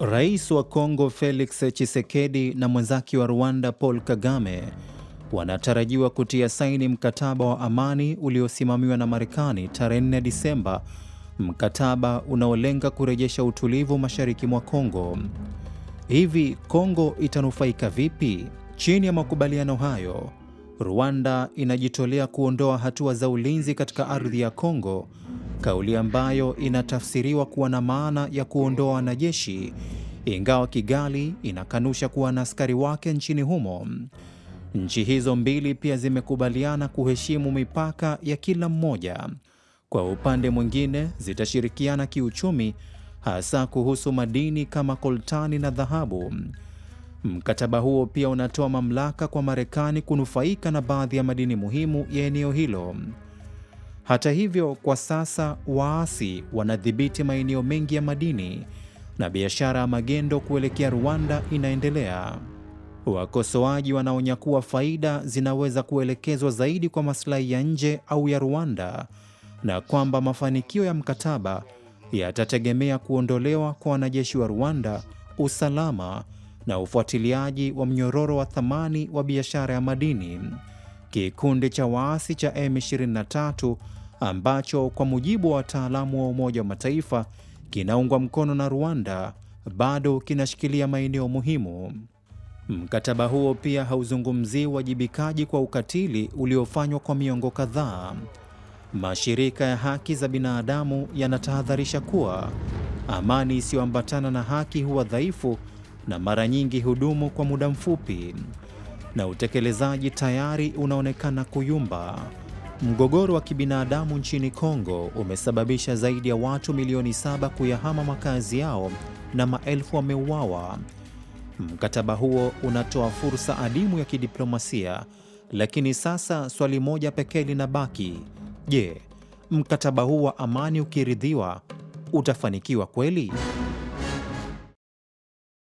Rais wa Kongo Felix Tshisekedi na mwenzake wa Rwanda Paul Kagame wanatarajiwa kutia saini mkataba wa amani uliosimamiwa na Marekani tarehe 4 Disemba, mkataba unaolenga kurejesha utulivu mashariki mwa Kongo. Hivi Kongo itanufaika vipi? Chini ya makubaliano hayo, Rwanda inajitolea kuondoa hatua za ulinzi katika ardhi ya Kongo kauli ambayo inatafsiriwa kuwa na maana ya kuondoa wanajeshi, ingawa Kigali inakanusha kuwa na askari wake nchini humo. Nchi hizo mbili pia zimekubaliana kuheshimu mipaka ya kila mmoja. Kwa upande mwingine, zitashirikiana kiuchumi, hasa kuhusu madini kama koltani na dhahabu. Mkataba huo pia unatoa mamlaka kwa Marekani kunufaika na baadhi ya madini muhimu ya eneo hilo. Hata hivyo, kwa sasa waasi wanadhibiti maeneo mengi ya madini na biashara ya magendo kuelekea Rwanda inaendelea. Wakosoaji wanaonya kuwa faida zinaweza kuelekezwa zaidi kwa maslahi ya nje au ya Rwanda na kwamba mafanikio ya mkataba yatategemea kuondolewa kwa wanajeshi wa Rwanda, usalama na ufuatiliaji wa mnyororo wa thamani wa biashara ya madini kikundi cha waasi cha M23 ambacho kwa mujibu wa wataalamu wa Umoja wa Mataifa kinaungwa mkono na Rwanda bado kinashikilia maeneo muhimu. Mkataba huo pia hauzungumzii uwajibikaji kwa ukatili uliofanywa kwa miongo kadhaa. Mashirika ya haki za binadamu yanatahadharisha kuwa amani isiyoambatana na haki huwa dhaifu na mara nyingi hudumu kwa muda mfupi na utekelezaji tayari unaonekana kuyumba. Mgogoro wa kibinadamu nchini Kongo umesababisha zaidi ya watu milioni saba kuyahama makazi yao na maelfu wameuawa. Mkataba huo unatoa fursa adimu ya kidiplomasia, lakini sasa swali moja pekee linabaki: je, mkataba huu wa amani ukiridhiwa utafanikiwa kweli?